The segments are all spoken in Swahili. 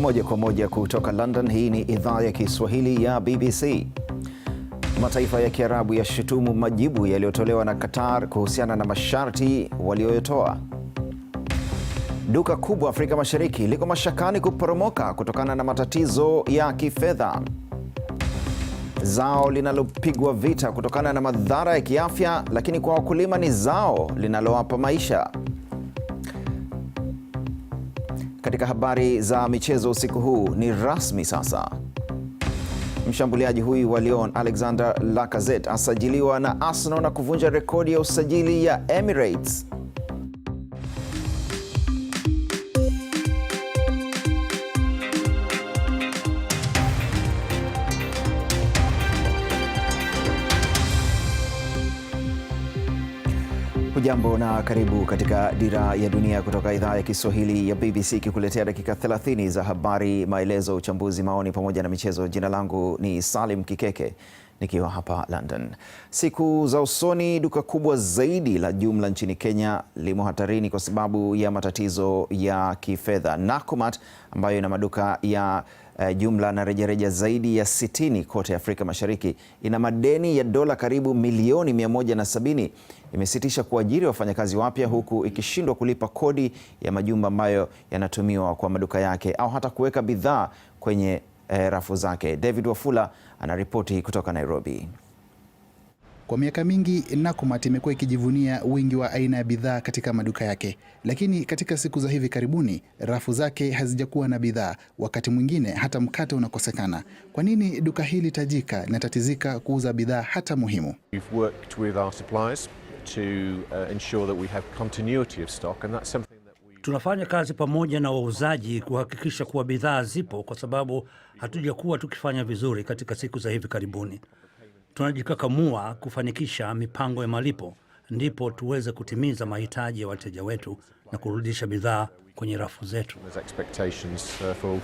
Moja kwa moja kutoka London, hii ni idhaa ya Kiswahili ya BBC. Mataifa ya Kiarabu yashutumu majibu yaliyotolewa na Qatar kuhusiana na masharti walioyotoa. Duka kubwa Afrika Mashariki liko mashakani kuporomoka kutokana na matatizo ya kifedha. Zao linalopigwa vita kutokana na madhara ya kiafya, lakini kwa wakulima ni zao linalowapa maisha. Katika habari za michezo usiku huu, ni rasmi sasa, mshambuliaji huyu wa Lyon Alexander Lacazette asajiliwa na Arsenal na kuvunja rekodi ya usajili ya Emirates. Hujambo na karibu katika Dira ya Dunia kutoka idhaa ya Kiswahili ya BBC ikikuletea dakika 30 za habari, maelezo, uchambuzi, maoni pamoja na michezo. Jina langu ni Salim Kikeke nikiwa hapa London. Siku za usoni, duka kubwa zaidi la jumla nchini Kenya limo hatarini kwa sababu ya matatizo ya kifedha. Nakumatt ambayo ina maduka ya uh, jumla na rejareja zaidi ya 60 kote Afrika Mashariki ina madeni ya dola karibu milioni 170, imesitisha kuajiri wafanyakazi wapya huku ikishindwa kulipa kodi ya majumba ambayo yanatumiwa kwa maduka yake au hata kuweka bidhaa kwenye uh, rafu zake. David Wafula anaripoti kutoka Nairobi. Kwa miaka mingi nakumat imekuwa ikijivunia wingi wa aina ya bidhaa katika maduka yake, lakini katika siku za hivi karibuni rafu zake hazijakuwa na bidhaa, wakati mwingine hata mkate unakosekana. Kwa nini duka hili tajika linatatizika kuuza bidhaa hata muhimu? Uh, Tunafanya kazi pamoja na wauzaji kuhakikisha kuwa bidhaa zipo, kwa sababu hatujakuwa tukifanya vizuri katika siku za hivi karibuni tunajikakamua kufanikisha mipango ya malipo, ndipo tuweze kutimiza mahitaji ya wateja wetu na kurudisha bidhaa kwenye rafu zetu. Uh,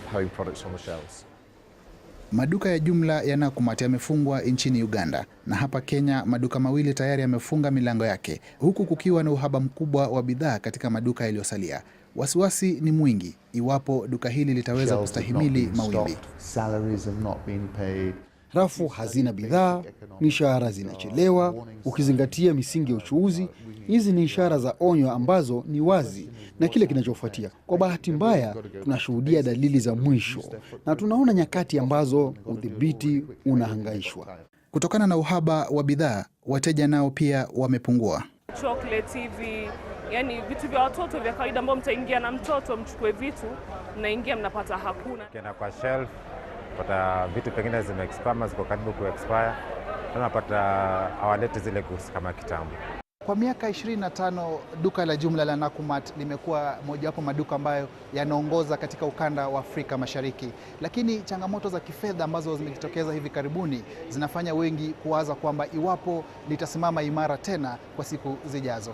maduka ya jumla ya nakumat yamefungwa nchini Uganda na hapa Kenya maduka mawili tayari yamefunga milango yake, huku kukiwa na uhaba mkubwa wa bidhaa katika maduka yaliyosalia. Wasiwasi ni mwingi iwapo duka hili litaweza kustahimili mawimbi rafu hazina bidhaa, mishahara zinachelewa. Ukizingatia misingi ya uchuuzi, hizi ni ishara za onyo ambazo ni wazi na kile kinachofuatia. Kwa bahati mbaya, tunashuhudia dalili za mwisho na tunaona nyakati ambazo udhibiti unahangaishwa. Kutokana na uhaba wa bidhaa, wateja nao pia wamepungua. Chocolate hivi, yani vitu vya watoto vya kawaida ambao mtaingia na mtoto mchukue vitu, mnaingia mnapata hakuna. Kena kwa shelf pata vitu pengine zime expire ziko karibu ku expire, tunapata hawaleti zile goods kama kitambo. Kwa miaka 25 duka la jumla la nakumat limekuwa mojawapo maduka ambayo yanaongoza katika ukanda wa Afrika Mashariki, lakini changamoto za kifedha ambazo zimejitokeza hivi karibuni zinafanya wengi kuwaza kwamba iwapo litasimama imara tena kwa siku zijazo.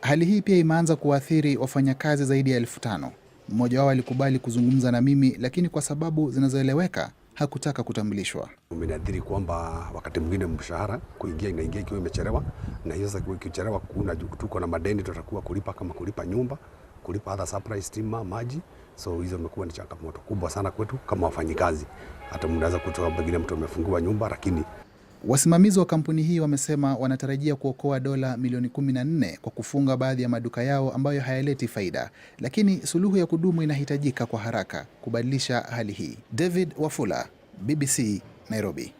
Hali hii pia imeanza kuwaathiri wafanyakazi zaidi ya elfu tano. Mmoja wao alikubali kuzungumza na mimi, lakini kwa sababu zinazoeleweka hakutaka kutambulishwa. Umeniathiri kwamba wakati mwingine mshahara kuingia inaingia ikiwa imechelewa, na hiyo sasa ikichelewa, kuna tuko na madeni tutakuwa kulipa kama kulipa nyumba, kulipa hata supply, stima, maji. So hizo imekuwa ni changamoto kubwa sana kwetu kama wafanyikazi. Hata mnaweza kutoa pengine mtu amefungua nyumba, lakini Wasimamizi wa kampuni hii wamesema wanatarajia kuokoa dola milioni 14 kwa kufunga baadhi ya maduka yao ambayo hayaleti faida, lakini suluhu ya kudumu inahitajika kwa haraka kubadilisha hali hii. David Wafula, BBC, Nairobi.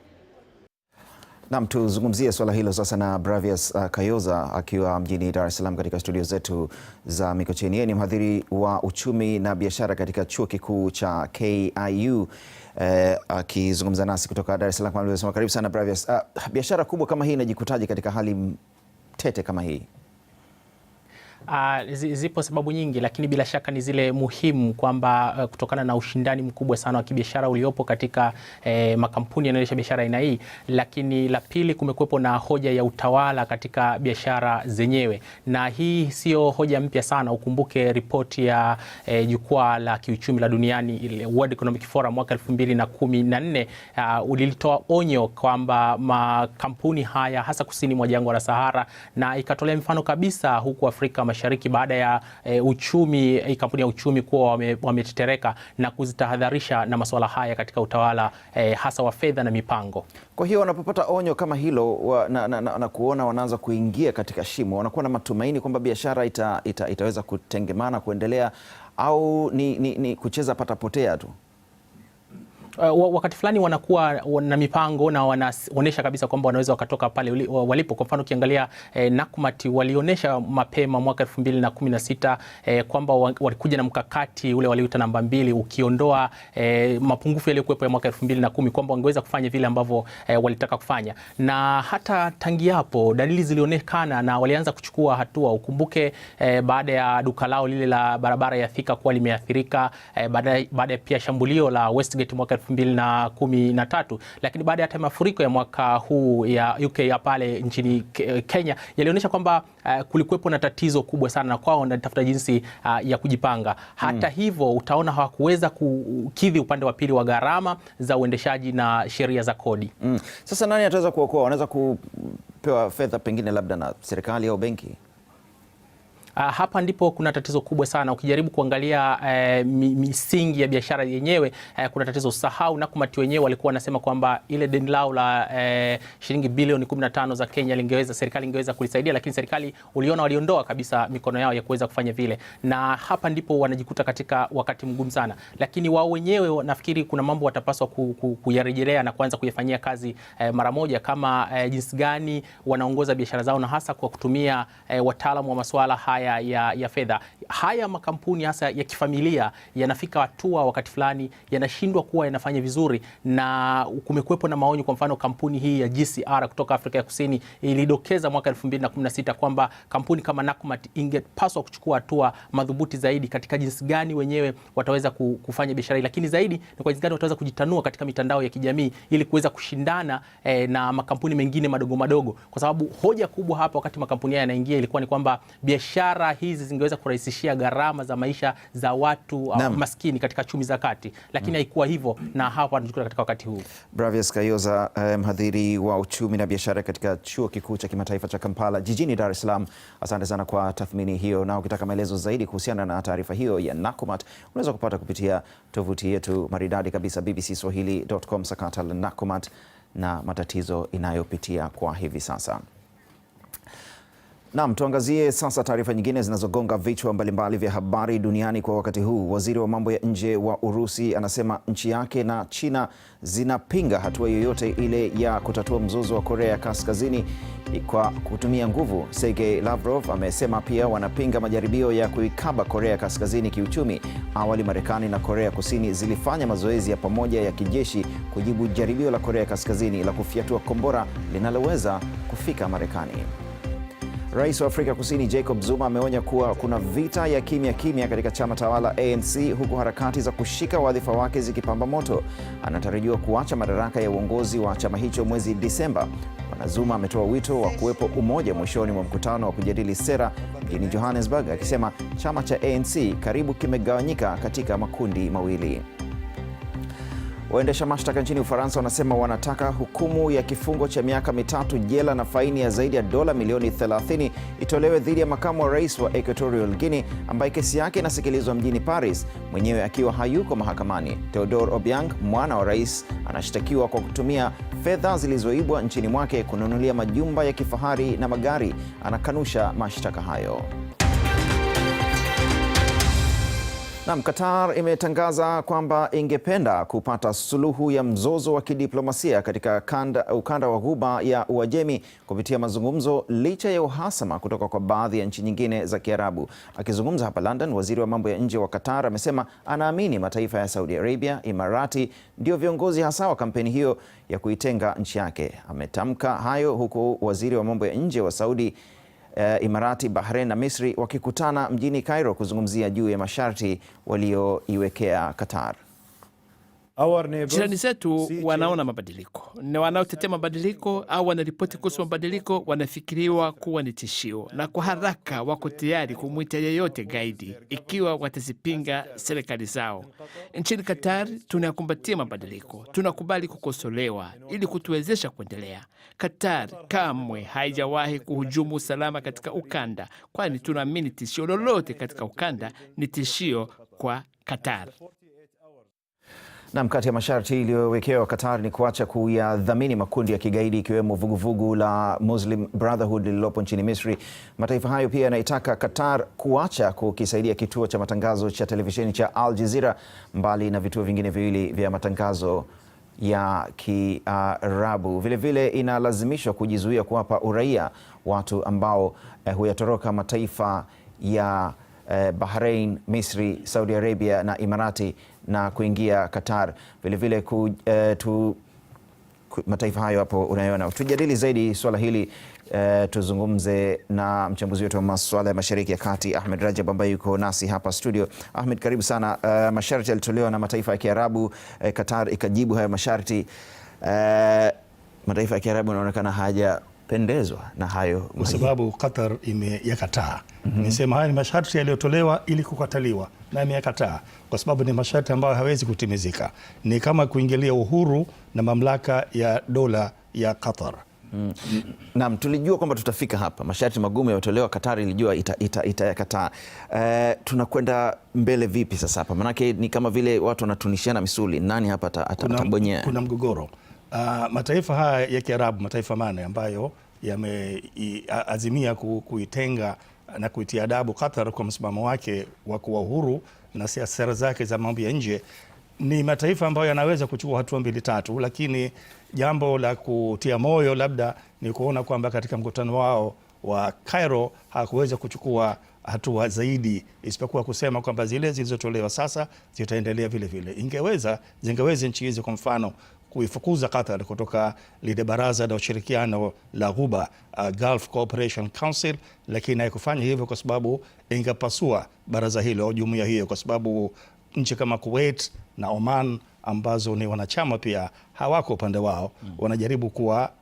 Naam, tuzungumzie swala hilo sasa na Bravias uh, Kayoza akiwa mjini Dar es Salaam katika studio zetu za Mikocheni. Yeye ni mhadhiri wa uchumi na biashara katika chuo kikuu cha KIU eh, uh, akizungumza nasi kutoka Dar es Salaam kama alivyosema. Karibu sana Bravias. Uh, biashara kubwa kama hii inajikutaje katika hali tete kama hii? Uh, zipo sababu nyingi lakini bila shaka ni zile muhimu kwamba uh, kutokana na ushindani mkubwa sana wa kibiashara uliopo katika eh, makampuni yanayoendesha biashara aina hii, lakini la pili, kumekuwepo na hoja ya utawala katika biashara zenyewe, na hii sio hoja mpya sana. Ukumbuke ripoti ya eh, jukwaa la kiuchumi la duniani ile World Economic Forum mwaka 2014 uh, ah, ulilitoa onyo kwamba makampuni haya hasa kusini mwa jangwa la Sahara, na ikatolea mfano kabisa huku Afrika Mashariki baada ya e, uchumi e, kampuni ya uchumi kuwa wametetereka wame na kuzitahadharisha na masuala haya katika utawala e, hasa wa fedha na mipango. Kwa hiyo wanapopata onyo kama hilo wa, na, na, na, na kuona wanaanza kuingia katika shimo, wanakuwa na matumaini kwamba biashara ita, ita, itaweza kutengemana kuendelea, au ni, ni, ni kucheza patapotea tu? uh, wakati fulani wanakuwa na mipango na wanaonyesha kabisa kwamba wanaweza wakatoka pale walipo. Kwa mfano ukiangalia eh, Nakumatt walionyesha mapema mwaka 2016 eh, kwamba walikuja na mkakati ule waliuita namba mbili, ukiondoa eh, mapungufu yaliyokuwepo ya mwaka 2010 kwamba wangeweza kufanya vile ambavyo eh, walitaka kufanya, na hata tangi hapo dalili zilionekana na walianza kuchukua hatua. Ukumbuke eh, baada ya duka lao lile la barabara ya Thika kuwa limeathirika eh, baada ya pia shambulio la Westgate mwaka 2013, lakini baada ya mafuriko ya mwaka huu ya UK ya pale nchini eh, Kenya yalionyesha kwamba uh, kulikuwepo na tatizo kubwa sana, na kwao wanatafuta jinsi uh, ya kujipanga. Hata hmm, hivyo utaona hawakuweza kukidhi upande wa pili wa gharama za uendeshaji na sheria za kodi. Hmm. Sasa nani ataweza kuokoa? Wanaweza kupewa fedha pengine labda na serikali au benki Uh, hapa ndipo kuna tatizo kubwa sana. Ukijaribu kuangalia uh, misingi ya biashara yenyewe uh, kuna tatizo sahau. kumati wenyewe walikuwa wanasema kwamba ile deni lao la uh, shilingi bilioni 15 za Kenya lingeweza serikali ingeweza kulisaidia, lakini serikali uliona waliondoa kabisa mikono yao ya kuweza kufanya vile, na hapa ndipo wanajikuta katika wakati mgumu sana, lakini wao wenyewe nafikiri kuna mambo watapaswa ku, ku, kuyarejelea na kuanza kuyafanyia kazi uh, mara moja, kama uh, jinsi gani wanaongoza biashara zao na hasa kwa kutumia uh, wataalamu wa masuala haya ya, ya, ya fedha, haya makampuni hasa ya kifamilia yanafika hatua wakati fulani yanashindwa kuwa yanafanya vizuri, na kumekuwepo na maonyo. Kwa mfano kampuni hii ya GCR kutoka Afrika ya Kusini ilidokeza mwaka 2016 kwamba kampuni kama Nakumat ingepaswa kuchukua hatua madhubuti zaidi katika jinsi gani wenyewe wataweza kufanya biashara, lakini zaidi ni kwa jinsi gani wataweza kujitanua katika mitandao ya kijamii ili kuweza kushindana eh, na makampuni mengine madogo madogo, kwa sababu hoja kubwa hapa wakati makampuni haya yanaingia ilikuwa ni kwamba biashara biashara hizi zingeweza kurahisishia gharama za maisha za watu uh, maskini katika chumi za kati, lakini mm. haikuwa mm. hivyo na hapa tunachukua katika wakati huu. Bravias Kayoza, eh, mhadhiri um, wa uchumi na biashara katika chuo kikuu cha kimataifa cha Kampala jijini Dar es Salaam, asante sana kwa tathmini hiyo, na ukitaka maelezo zaidi kuhusiana na taarifa hiyo ya NACOMAT unaweza kupata kupitia tovuti yetu maridadi kabisa bbcswahili.com, sakata la na matatizo inayopitia kwa hivi sasa. Naam, tuangazie sasa taarifa nyingine zinazogonga vichwa mbalimbali vya habari duniani kwa wakati huu. Waziri wa mambo ya nje wa Urusi anasema nchi yake na China zinapinga hatua yoyote ile ya kutatua mzozo wa Korea ya Kaskazini kwa kutumia nguvu. Sergei Lavrov amesema pia wanapinga majaribio ya kuikaba Korea ya Kaskazini kiuchumi. Awali Marekani na Korea Kusini zilifanya mazoezi ya pamoja ya kijeshi kujibu jaribio la Korea Kaskazini la kufyatua kombora linaloweza kufika Marekani. Rais wa Afrika Kusini Jacob Zuma ameonya kuwa kuna vita ya kimya kimya katika chama tawala ANC huku harakati za kushika wadhifa wake zikipamba moto. Anatarajiwa kuacha madaraka ya uongozi wa chama hicho mwezi Disemba. Bwana Zuma ametoa wito wa kuwepo umoja mwishoni mwa mkutano wa kujadili sera mjini Johannesburg, akisema chama cha ANC karibu kimegawanyika katika makundi mawili. Waendesha mashtaka nchini Ufaransa wanasema wanataka hukumu ya kifungo cha miaka mitatu jela na faini ya zaidi ya dola milioni 30 itolewe dhidi ya makamu wa rais wa Equatorial Guinea ambaye kesi yake inasikilizwa mjini Paris, mwenyewe akiwa hayuko mahakamani. Theodore Obiang, mwana wa rais, anashtakiwa kwa kutumia fedha zilizoibwa nchini mwake kununulia majumba ya kifahari na magari. Anakanusha mashtaka hayo. Naam, Qatar imetangaza kwamba ingependa kupata suluhu ya mzozo wa kidiplomasia katika kanda, ukanda wa Ghuba ya Uajemi kupitia mazungumzo licha ya uhasama kutoka kwa baadhi ya nchi nyingine za Kiarabu. Akizungumza hapa London, waziri wa mambo ya nje wa Qatar amesema anaamini mataifa ya Saudi Arabia, Imarati ndio viongozi hasa wa kampeni hiyo ya kuitenga nchi yake. Ametamka hayo huku waziri wa mambo ya nje wa Saudi eh, Imarati, Bahrain na Misri wakikutana mjini Cairo kuzungumzia juu ya masharti walioiwekea Qatar. Jirani zetu wanaona mabadiliko na wanaotetea mabadiliko au wanaripoti kuhusu mabadiliko wanafikiriwa kuwa ni tishio, na kwa haraka wako tayari kumwita yeyote gaidi ikiwa watazipinga serikali zao. Nchini Qatar tunakumbatia mabadiliko, tunakubali kukosolewa ili kutuwezesha kuendelea. Qatar kamwe haijawahi kuhujumu usalama katika ukanda, kwani tunaamini tishio lolote katika ukanda ni tishio kwa Qatar. Nam, kati ya masharti iliyowekewa Qatar ni kuacha kuyadhamini makundi ya kigaidi ikiwemo vuguvugu la Muslim Brotherhood lililopo nchini Misri. Mataifa hayo pia yanaitaka Qatar kuacha kukisaidia kituo cha matangazo cha televisheni cha Al Jazeera, mbali na vituo vingine viwili vya matangazo ya Kiarabu. Vilevile inalazimishwa kujizuia kuwapa uraia watu ambao eh, huyatoroka mataifa ya eh, Bahrain, Misri, Saudi Arabia na Imarati na kuingia Qatar. Vilevile ku, eh, tu, ku, mataifa hayo hapo unayoona. Tujadili zaidi swala hili eh, tuzungumze na mchambuzi wetu wa masuala ya Mashariki ya Kati Ahmed Rajab ambaye yuko nasi hapa studio. Ahmed, karibu sana. Eh, masharti yalitolewa na mataifa ya Kiarabu eh, Qatar ikajibu hayo masharti eh, mataifa ya Kiarabu yanaonekana hayajapendezwa na hayo, kwa sababu Qatar imeyakataa Mhm. Nimesema haya ni masharti yaliyotolewa ili kukataliwa, na ameyakataa kwa sababu ni masharti ambayo hawezi kutimizika. Ni kama kuingilia uhuru na mamlaka ya dola ya Qatar. Mm. Naam, tulijua kwamba tutafika hapa. Masharti magumu yametolewa, Qatar ilijua itayakataa. E, tunakwenda mbele vipi sasa hapa? Maanake ni kama vile watu wanatunishiana misuli, nani hapa atabonyea? Kuna mgogoro. Uh, mataifa haya ya Kiarabu, mataifa mane ambayo yameazimia kuitenga na kuitia adabu Qatar kwa msimamo wake wa kuwa huru na siasa zake za mambo ya nje. Ni mataifa ambayo yanaweza kuchukua hatua mbili tatu, lakini jambo la kutia moyo labda ni kuona kwamba katika mkutano wao wa Cairo hakuweza kuchukua hatua zaidi isipokuwa kusema kwamba zile zilizotolewa sasa zitaendelea vile vile. Ingeweza zingeweza nchi hizi kwa mfano kuifukuza Qatar kutoka lile baraza la ushirikiano la Ghuba, uh, Gulf Cooperation Council, lakini haikufanya hivyo kwa sababu ingepasua baraza hilo au jumuiya hiyo, kwa sababu nchi kama Kuwait na Oman ambazo ni wanachama pia hawako upande wao mm. wanajaribu kuwa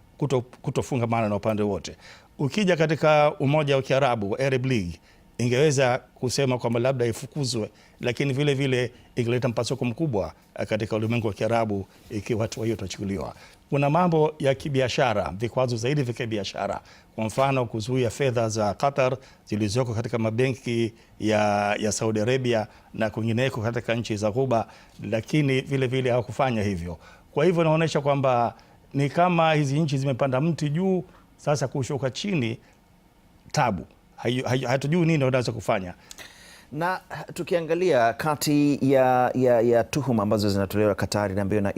kutofungamana kuto na upande wote. Ukija katika umoja wa Kiarabu Arab League ingeweza kusema kwamba labda ifukuzwe, lakini vile vile ingeleta mpasuko mkubwa eh, katika ulimwengu wa Kiarabu ikiwa hatua hiyo itachukuliwa. Kuna mambo ya kibiashara, vikwazo zaidi vya kibiashara, kwa mfano kuzuia fedha za Qatar zilizoko katika mabenki ya, ya Saudi Arabia na kwingineko katika nchi za Ghuba, lakini vile vile hawakufanya hivyo. Kwa hivyo inaonyesha kwamba ni kama hizi nchi zimepanda mti juu, sasa kushuka chini tabu hatujui nini wanaweza kufanya na tukiangalia kati ya, ya, ya tuhuma ambazo zinatolewa Katari ambayo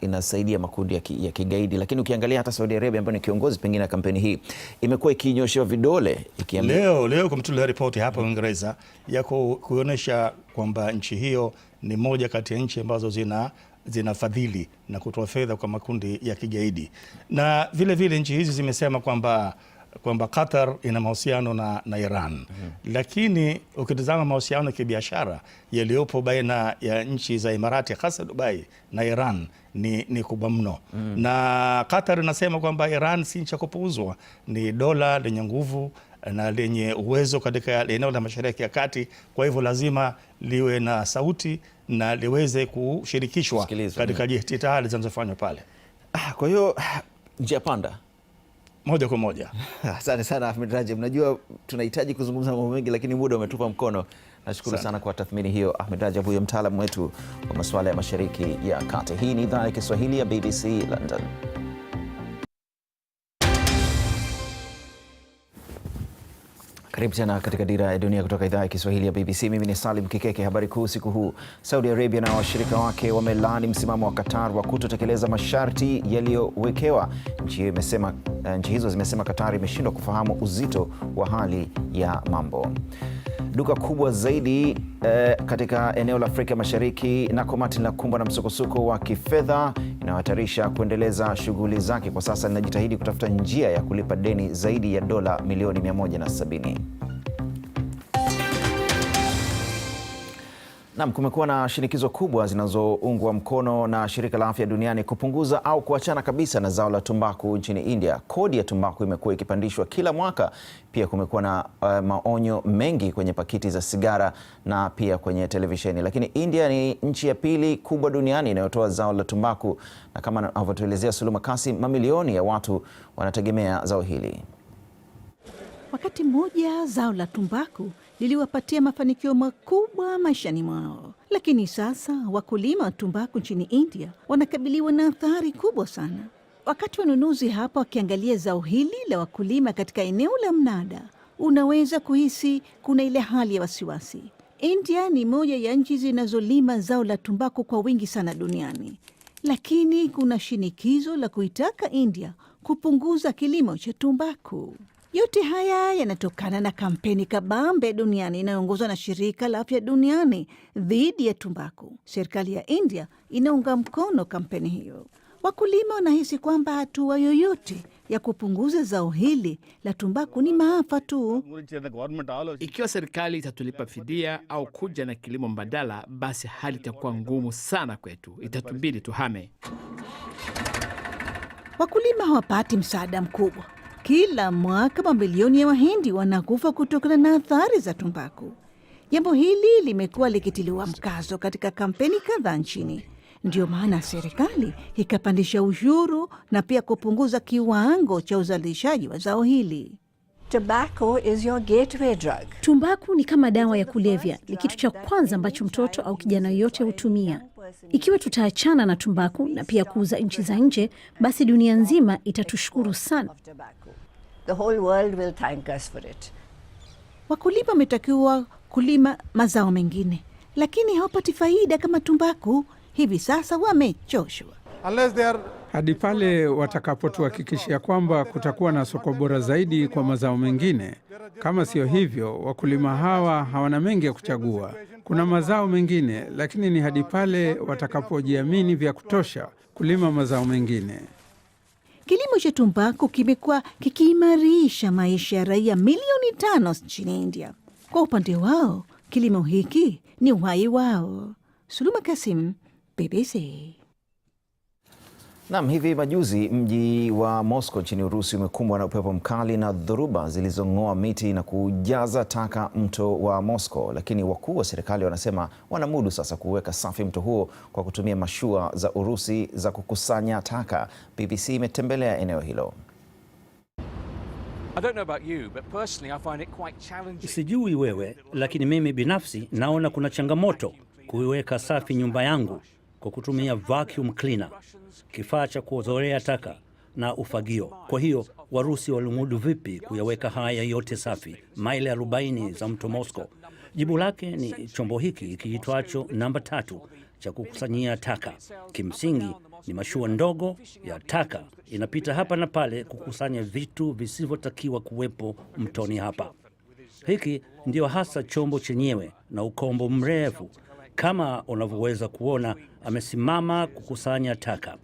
inasaidia ina, ina makundi ya, ki, ya kigaidi, lakini ukiangalia hata Saudi Arabia ambayo ni kiongozi pengine ya kampeni hii imekuwa ikinyoshewa vidole ikiambia... leo, leo kumetolea ripoti hapa Uingereza ya kuonyesha kwamba nchi hiyo ni moja kati ya nchi ambazo zina zinafadhili na kutoa fedha kwa makundi ya kigaidi, na vile vile nchi hizi zimesema kwamba kwamba Qatar ina mahusiano na, na Iran mm -hmm. Lakini ukitazama mahusiano ya kibiashara yaliyopo baina ya nchi za Imarati hasa Dubai na Iran ni, ni kubwa mno mm -hmm. Na Qatar inasema kwamba Iran si nchi ya kupuuzwa, ni dola lenye nguvu eh, na lenye uwezo katika eneo la Mashariki ya Kati, kwa hivyo lazima liwe na sauti na liweze kushirikishwa katika mhm. jitihada zinazofanywa pale. Ah, kwa hiyo ah, njia panda moja kwa moja. Asante sana Ahmed Rajab, najua tunahitaji kuzungumza mambo mengi, lakini muda umetupa mkono. Nashukuru sana, kwa tathmini hiyo Ahmed Rajab, huyo mtaalamu wetu wa masuala ya Mashariki ya Kati. Hii ni idhaa ya Kiswahili ya BBC London. Karibu tena katika Dira ya Dunia kutoka idhaa ya Kiswahili ya BBC. Mimi ni Salim Kikeke. Habari kuu siku huu: Saudi Arabia na washirika wake wamelaani msimamo wa Qatar wa kutotekeleza masharti yaliyowekewa. Nchi imesema, eh, nchi hizo zimesema Qatar imeshindwa kufahamu uzito wa hali ya mambo duka kubwa zaidi eh, katika eneo la Afrika Mashariki Nakumatt linakumbwa na msukosuko wa kifedha inayohatarisha kuendeleza shughuli zake. Kwa sasa linajitahidi kutafuta njia ya kulipa deni zaidi ya dola milioni 170. Naam, kumekuwa na shinikizo kubwa zinazoungwa mkono na Shirika la Afya Duniani kupunguza au kuachana kabisa na zao la tumbaku nchini India. Kodi ya tumbaku imekuwa ikipandishwa kila mwaka. Pia kumekuwa na uh, maonyo mengi kwenye pakiti za sigara na pia kwenye televisheni, lakini India ni nchi ya pili kubwa duniani inayotoa zao la tumbaku, na kama anavyotuelezea Suluma Kasim, mamilioni ya watu wanategemea zao hili. Wakati mmoja zao la tumbaku liliwapatia mafanikio makubwa maishani mwao, lakini sasa wakulima wa tumbaku nchini India wanakabiliwa na athari kubwa sana. Wakati wanunuzi hapa wakiangalia zao hili la wakulima katika eneo la mnada, unaweza kuhisi kuna ile hali ya wasiwasi. India ni moja ya nchi zinazolima zao la tumbaku kwa wingi sana duniani, lakini kuna shinikizo la kuitaka India kupunguza kilimo cha tumbaku. Yote haya yanatokana na kampeni kabambe duniani inayoongozwa na shirika la afya duniani dhidi ya tumbaku. Serikali ya India inaunga mkono kampeni hiyo. Wakulima wanahisi kwamba hatua yoyote ya kupunguza zao hili la tumbaku ni maafa tu. Ikiwa serikali itatulipa fidia au kuja na kilimo mbadala, basi hali itakuwa ngumu sana kwetu, itatubidi tuhame. Wakulima hawapati msaada mkubwa kila mwaka mamilioni ya Wahindi wanakufa kutokana na athari za tumbaku. Jambo hili limekuwa likitiliwa mkazo katika kampeni kadhaa nchini. ndio maana serikali ikapandisha ushuru na pia kupunguza kiwango cha uzalishaji wa zao hili. is your drug. Tumbaku ni kama dawa ya kulevya, ni kitu cha kwanza ambacho mtoto au kijana yoyote hutumia. Ikiwa tutaachana na tumbaku na pia kuuza nchi za nje, basi dunia nzima itatushukuru sana the whole world will thank us for it. Wakulima wametakiwa kulima mazao mengine, lakini hawapati faida kama tumbaku. Hivi sasa wamechoshwa hadi pale watakapotuhakikishia kwamba kutakuwa na soko bora zaidi kwa mazao mengine. Kama siyo hivyo, wakulima hawa hawana mengi ya kuchagua. Kuna mazao mengine, lakini ni hadi pale watakapojiamini vya kutosha kulima mazao mengine. Kilimo cha tumbaku kimekuwa kikiimarisha maisha ya raia milioni tano nchini India. Kwa upande wao kilimo hiki ni uhai wao. Suluma Kasim, BBC. Nam, hivi majuzi mji wa Moscow nchini Urusi umekumbwa na upepo mkali na dhoruba zilizong'oa miti na kujaza taka mto wa Moscow, lakini wakuu wa serikali wanasema wanamudu sasa kuweka safi mto huo kwa kutumia mashua za Urusi za kukusanya taka. BBC imetembelea eneo hilo. Sijui wewe, lakini mimi binafsi naona kuna changamoto kuiweka safi nyumba yangu kwa kutumia vacuum cleaner, kifaa cha kuzorea taka na ufagio. Kwa hiyo Warusi walimudu vipi kuyaweka haya yote safi maili 40 za mto Moscow? Jibu lake ni chombo hiki kiitwacho namba tatu cha kukusanyia taka. Kimsingi ni mashua ndogo ya taka inapita hapa na pale kukusanya vitu visivyotakiwa kuwepo mtoni hapa. Hiki ndio hasa chombo chenyewe na ukombo mrefu kama unavyoweza kuona amesimama kukusanya taka,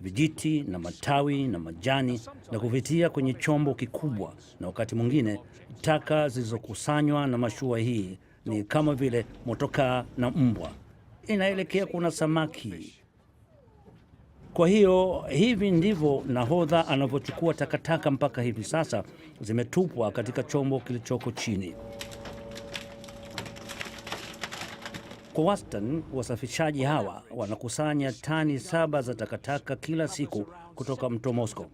vijiti na matawi na majani na kuvitia kwenye chombo kikubwa, na wakati mwingine taka zilizokusanywa na mashua hii ni kama vile motokaa na mbwa, inaelekea kuna samaki. Kwa hiyo hivi ndivyo nahodha anavyochukua takataka mpaka hivi sasa zimetupwa katika chombo kilichoko chini. Kwa wastani, wasafishaji hawa wanakusanya tani saba za takataka kila siku kutoka mto Moscow.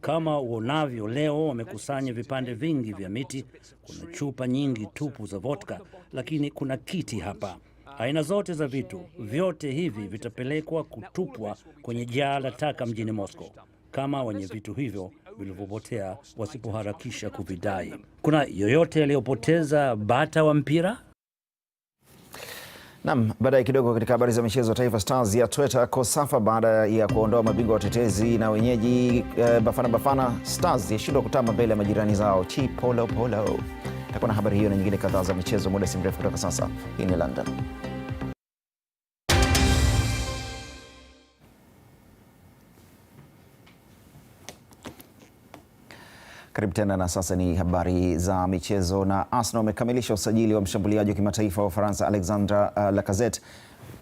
Kama uonavyo leo, wamekusanya vipande vingi vya miti. Kuna chupa nyingi tupu za vodka, lakini kuna kiti hapa. Aina zote za vitu, vyote hivi vitapelekwa kutupwa kwenye jaa la taka mjini Moscow kama wenye vitu hivyo vilivyopotea wasipoharakisha kuvidai. Kuna yoyote aliyopoteza bata wa mpira? Nam, baadaye kidogo katika habari za michezo, Taifa Stars ya Twitter Kosafa baada ya kuondoa mabingwa watetezi na wenyeji eh, Bafana Bafana. Stars yashindwa kutamba mbele ya majirani zao chi polopolo. Takuwa na habari hiyo na nyingine kadhaa za michezo muda si mrefu kutoka sasa. Hii ni London. Karibu tena na sasa ni habari za michezo. Na Arsenal wamekamilisha usajili wa mshambuliaji wa kimataifa wa Ufaransa Alexandre uh, Lacazette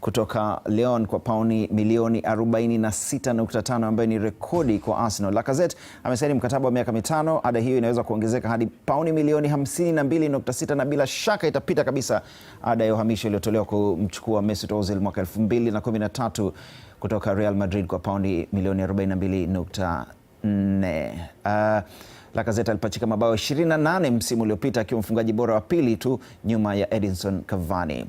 kutoka Lyon kwa pauni milioni 46.5 ambayo ni rekodi kwa Arsenal. Lacazette amesaini mkataba wa miaka mitano. Ada hiyo inaweza kuongezeka hadi pauni milioni 52.6 na bila shaka itapita kabisa ada ya uhamisho iliyotolewa kumchukua Mesut Ozil mwaka 2013 kutoka Real Madrid kwa pauni milioni 42.4. La alipachika mabao 28 msimu uliopita akiwa mfungaji bora wa pili tu nyuma ya Edinson Cavani.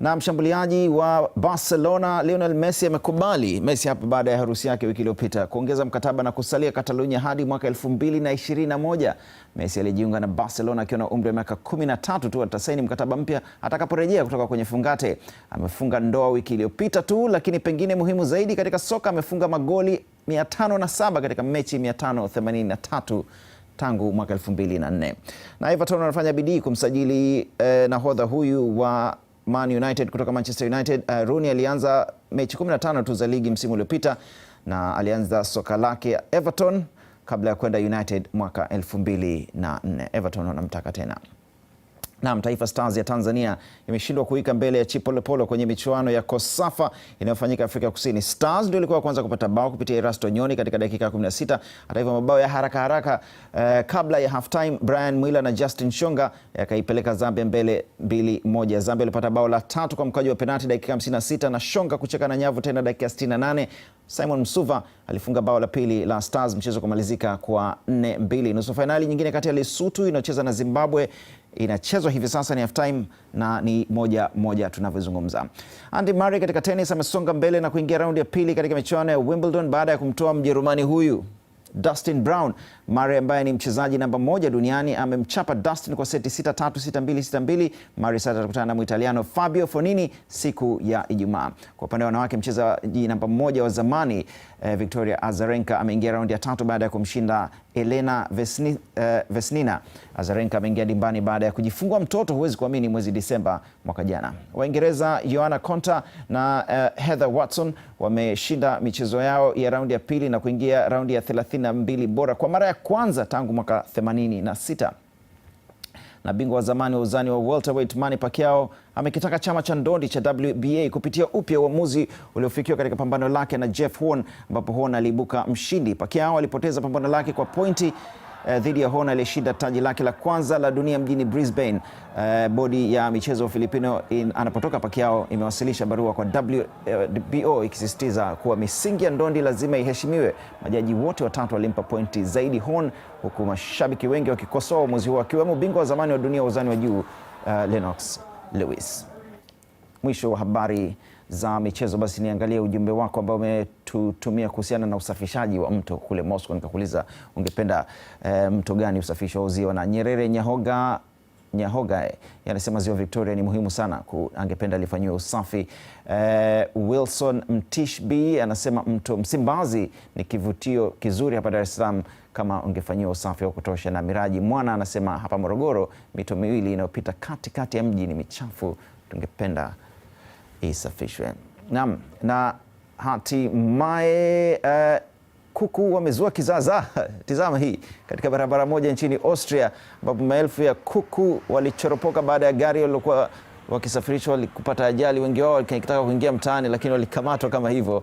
Na mshambuliaji wa Barcelona Lionel Messi amekubali Messi hapa baada ya harusi yake wiki iliyopita kuongeza mkataba na kusalia Catalonia hadi mwaka 2021. Messi alijiunga na Barcelona akiwa na umri wa miaka 13 tu, atasaini mkataba mpya atakaporejea kutoka kwenye fungate. Amefunga ndoa wiki iliyopita tu, lakini pengine muhimu zaidi katika soka amefunga magoli 507 katika mechi 583 tangu mwaka 2004. Na Everton wanafanya bidii kumsajili eh, nahodha huyu wa Man United kutoka Manchester United. Uh, Rooney alianza mechi 15 tu za ligi msimu uliopita na alianza soka lake Everton kabla ya kwenda United mwaka 2004. Everton wanamtaka tena. Naam, Taifa Stars ya Tanzania imeshindwa kuika mbele ya Chipolepolo kwenye michuano ya Kosafa inayofanyika Afrika Kusini. Stars ndio ilikuwa kwanza kupata bao kupitia Erasto Nyoni katika dakika ya 16. Hata hivyo mabao ya haraka haraka eh, kabla ya half time, Brian Mwila na Justin Shonga yakaipeleka Zambia mbele 2-1. Zambia ilipata bao la tatu kwa mkwaju wa penati dakika 56 na Shonga kucheka na nyavu tena dakika 68. Simon Msuva alifunga bao la pili la Stars, mchezo kumalizika kwa 4-2. Nusu finali nyingine kati ya Lesotho inayocheza na Zimbabwe inachezwa hivi sasa ni half time na ni moja moja tunavyozungumza. Andy Murray katika tenis amesonga mbele na kuingia raundi ya pili katika michuano ya Wimbledon baada ya kumtoa Mjerumani huyu Dustin Brown Murray ambaye ni mchezaji namba moja duniani amemchapa Dustin kwa seti 6-3, 6-2, 6-2. Murray sasa atakutana na Mwitaliano Fabio Fognini siku ya Ijumaa. Kwa upande wa wanawake, mchezaji namba moja wa zamani eh, Victoria Azarenka ameingia raundi ya tatu baada ya kumshinda Elena Vesni, eh, Vesnina. Azarenka ameingia dimbani baada ya kujifungua mtoto, huwezi kuamini, mwezi Disemba mwaka jana. Waingereza Joanna Konta na eh, Heather Watson wameshinda michezo yao ya raundi ya pili na kuingia raundi ya 32 bora kwa mara ya kwanza tangu mwaka 86 na bingwa wa zamani wa uzani wa welterweight Manny Pacquiao amekitaka chama cha ndondi cha WBA kupitia upya uamuzi uliofikiwa katika pambano lake na Jeff Horn ambapo Horn aliibuka mshindi. Pacquiao alipoteza pambano lake kwa pointi Eh, dhidi ya Hona aliyeshinda taji lake la kwanza la dunia mjini Brisbane. Uh, bodi ya michezo Filipino in, anapotoka Pacquiao imewasilisha barua kwa WBO eh, ikisisitiza kuwa misingi ya ndondi lazima iheshimiwe. Majaji wote watatu walimpa pointi zaidi Hon, huku mashabiki wengi wakikosoa uamuzi huo, akiwemo bingwa wa zamani wa dunia wa uzani wa juu uh, Lennox Lewis. Mwisho wa habari za michezo, basi niangalie ujumbe wako ambao umetutumia kuhusiana na usafishaji wa mto kule Moscow. Nikakuuliza ungependa e, mto gani usafishwa au ziwa, na Nyerere Nyahoga Nyahoga eh, anasema ziwa Victoria ni muhimu sana, angependa lifanyiwe usafi. E, Wilson Mtishbi anasema mto Msimbazi ni kivutio kizuri hapa Dar es Salaam kama ungefanyiwa usafi wa kutosha. Na Miraji Mwana anasema hapa Morogoro mito miwili inayopita katikati ya mji ni michafu, tungependa isafishwe. Naam, na hatimaye uh, kuku wamezua kizaza Tizama hii katika barabara moja nchini Austria, ambapo maelfu ya kuku walichoropoka baada ya gari waliokuwa wakisafirishwa kupata ajali. Wengi wao wakitaka kuingia mtaani, lakini walikamatwa kama hivyo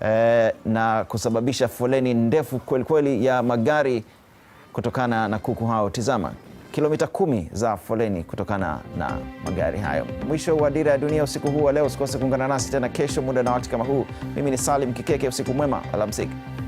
eh, na kusababisha foleni ndefu kwelikweli ya magari kutokana na kuku hao. Tizama kilomita kumi za foleni kutokana na magari hayo. Mwisho wa Dira ya Dunia usiku huu wa leo. Usikose kuungana nasi tena kesho muda na wakati kama huu. Mimi ni Salim Kikeke, usiku mwema, alamsiki.